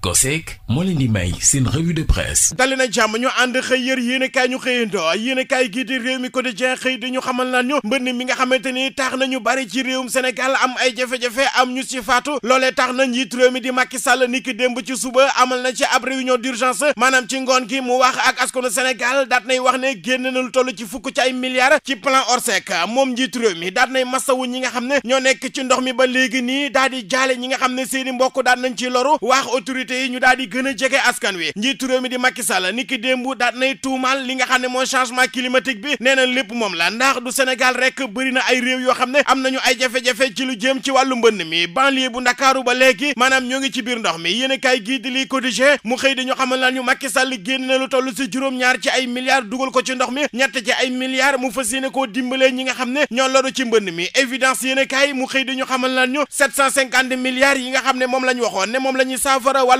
COSEC moo leen di may seen revue de presse dali na jàmm ñu ànd xëy yër yéenekaay ñu xëyandoo yéenekaay gii di réew mi quotidien xëy di ñu xamal naan mbënn mi nga xamante ni tax nañu bari ci réewum Sénégal am ay jafe-jafe am ñu ci faatu loolee tax na njiit réew mi di Macky Sall niki démb ci suba amal na ci ab réunion d'urgence maanaam ci ngoon gi mu wax ak askanu Sénégal daat nay wax ne génn na lu toll ci fukk ci ay milliards ci plan Orsec moom njiit réew mi daat nay masawu ñi nga xam ne ñoo nekk ci ndox mi ba léegi nii daal di ñi nga xam ne seeni mbokk daat nañ ci loru député yi ñu daal di gën jege askan wi njiitu réew mi di Macky Sall niki démb daat nay tuumaal li nga xam ne mooy changement climatique bi nee na lépp moom la ndax du rek bëri na ay réew yoo xam ne am nañu ay jafe ci lu jëm ci wàllu mbënn mi banlieue bu Ndakaaru ba léegi maanaam ñoo ngi ci biir ndox mi yéen a kaay gii di li Quotidien mu xëy di ñu xamal lu toll si juróom-ñaar ci ay milliards dugal ko ci ndox mi ñett ay milliards mu fas yéene koo nga xam ne ñoo loru ci mbënn mi évidence yéen a mu xëy di ñu xamal lan ñu 750 milliards yi nga xam ne moom la ñu waxoon ne moom la ñuy saafara wàll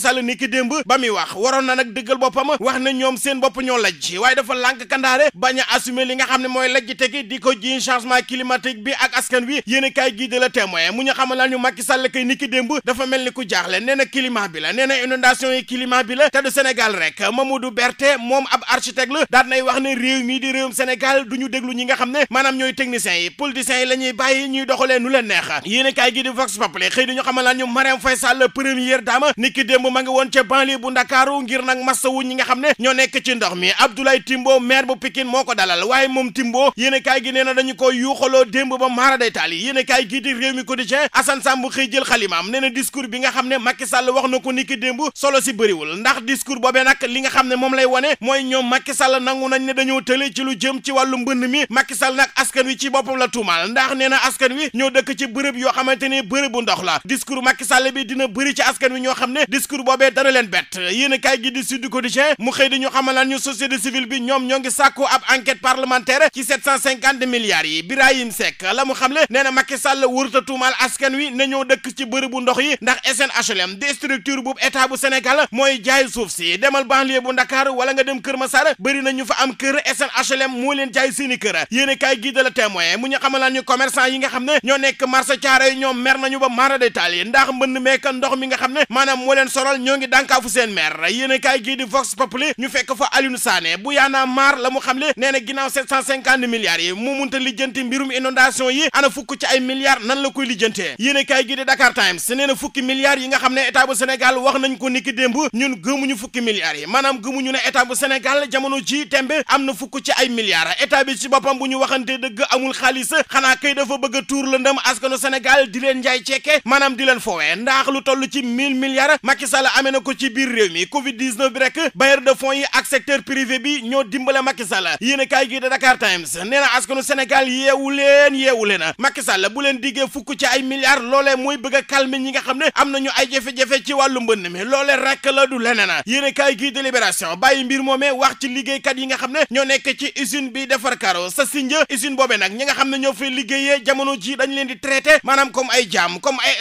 Sall ni ki démb ba muy wax waroon na nag dëggal boppam wax na ñoom seen bopp ñoo lajj waaye dafa lànk kandaare bañ a li nga xam ne mooy lajj tegi di ko jiiñ changement climatique bi ak askan wi yéen a kaay gii de la mu ñu xamal la ñu Macky Sall kay ni ki démb dafa mel ni ku jaaxle nee na climat bi la nee na inondation yi climat bi la te du Sénégal rek Mamadou Berté moom ab architecte la daan nay wax ne réew mii di réewum Sénégal du ñu déglu ñi nga xam ne maanaam ñooy techniciens yi la ñuy bàyyi ñuy doxalee neex yéen a kaay gii di Vox ma ngi woon ca banlieue bu ndakaaru ngir nag masawu ñi nga xam ne ñoo nekk ci ndox mi Abdoulaye Timbo maire bu Pikine moo ko dalal waaye moom Timbo yéene kaay gi nee na dañu ko yuuxaloo démb ba maara day taal yi yéene kaay gii di réew mi quotidien Assane Samb xëy jël xalimaam nee na discours bi nga xam ne Macky Sall wax na ko niki démb solo si bëriwul ndax discours boobee nag li nga xam ne moom lay wone mooy ñoom Macky Sall nangu nañ ne dañoo tële ci lu jëm ci wàllu mbënd mi Macky Sall nag askan wi ci boppam la tuumaal ndax nee na askan wi ñoo dëkk ci bërëb yoo xamante ni bërëb ndox la discours Macky Sall bi dina bëri ci askan wi ñoo xam ne discours boobee dana leen bett yéen a kaay gi di Sud Quotidien mu xëy di ñu xamalaan ñu société civile bi ñoom ñoo ngi sàkku ab enquête parlementaire ci 750 milliards yi Birahim Seck la mu xamle nee na Macky Sall wërta tuumaal askan wi na ñoo dëkk ci bërëbu ndox yi ndax SNHLM di structure bu état bu mooy jaay suuf si demal banlieue bu Dakar wala nga dem Kër Massar bëri na ñu fa am kër SNHLM moo leen jaay seeni kër yéen a kaay gi mi nga waral ñoo ngi dànkaafu seen maire yéen a kaay gii di Vox Populi ñu fekk fa Alioune Sané bu yaanaa maar la mu xamle nee na ginnaaw 750 milliards yi mu munta lijjanti mbirum inondation yi ana fukk ci ay milliards nan la koy lijjantee yéen a kaay gii di Dakar Times nee na fukki yi nga xam ne état bu Sénégal wax nañ ko niki démb ñun gëmuñu fukki milliards yi maanaam gëmuñu ne état bu Sénégal jamono ji tembe am na fukk ci ay milliards état bi ci boppam bu ñu waxante dëgg amul xaalis xanaa kay dafa bëgg a tuur lëndëm askanu Sénégal di leen njaay ceeke maanaam di leen fowe ndax lu toll ci 1000 milliards Macky Sall Sall amee na ko ci biir mi Covid 19 bi rek bailleur de fonds yi ak secteur privé bi ñoo dimbale Macky Sall yéen a kaay gi de Dakar Times nee askanu Sénégal yeewu leen yeewu leen Macky bu leen diggee fukk ci ay milliards loolee mooy bëgg a ñi nga xam ne am nañu ay jafe-jafe ci wàllu mbënd mi loolee rek la du leneen yéen a kaay gi de Libération bàyyi mbir moomee wax ci liggéeykat yi nga xam ne ñoo nekk ci usine bi defar karo sa sinja usine ñi nga xam ne ñoo fay liggéeyee jamono ji dañ leen di traité maanaam comme ay jaam comme ay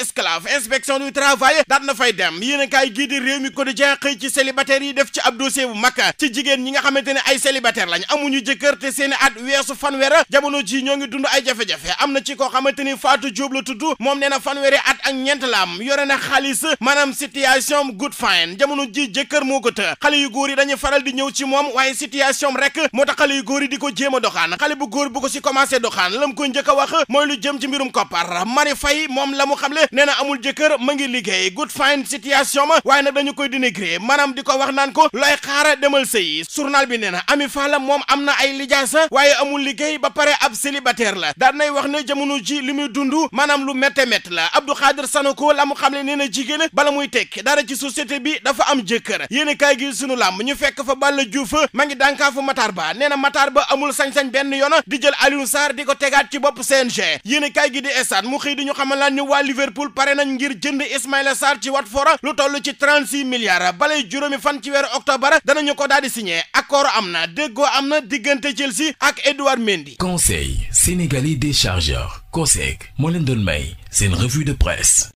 dem ay gii di réew mi quotidien xëy ci célibataires yi def ci ab dossier bu mag ci jigéen ñi nga xamante ne ay célibataire lañ amuñu jëkkër te seeni at weesu fanweer jamono ji ñoo ngi dund ay jafe-jafe am na ci koo xamante ni faatu Diop la tudd moom nee na fanweeri at ak ñeent la am yore na xaalis maanaam situation good fine jamono ji jëkkër moo ko të xale yu góor yi dañuy faral di ñëw ci moom waaye situation rek moo tax xale yu góor yi di ko jéem doxaan xale bu góor bu ko si commencé doxaan lam ko njëkk a wax mooy lu jëm ci mbirum Mari Faye moom la mu xamle nee na amul jëkkër ma ngi liggéey good fine situation doomam waaye nag dañu koy dénigré maanaam di ko wax naan ko looy xaara demal sëyi journal bi nee na Ami Fall moom am na ay lijaasa waaye amul liggéey ba pare ab célibataire la daan nay wax ne jamono ji li muy dund maanaam lu métte métt la Abdou Khadir ko la mu xam ne nee na jigéen bala muy tekk dara ci société bi dafa am jëkkër yéen kaay gi sunu làmb ñu fekk fa Balla Diouf ma ngi dànkaafu Matar Ba nee na Matar Ba amul sañ-sañ benn yoon di jël Aliou Sarr di ko tegaat ci bopp CNG yéen kaay gi di esaan mu xëy di ñu xamal ngir jënd Ismaïla Sarr ci lu toll ci ci 36 milliards balay juróomi fan ci weeru octobre danañu ko daal di signé accord am na déggoo am na diggante Chelsea ak Edouard Mendy. Conseil sénégalais des chargeurs COSEC moo leen doon may seen revue de presse.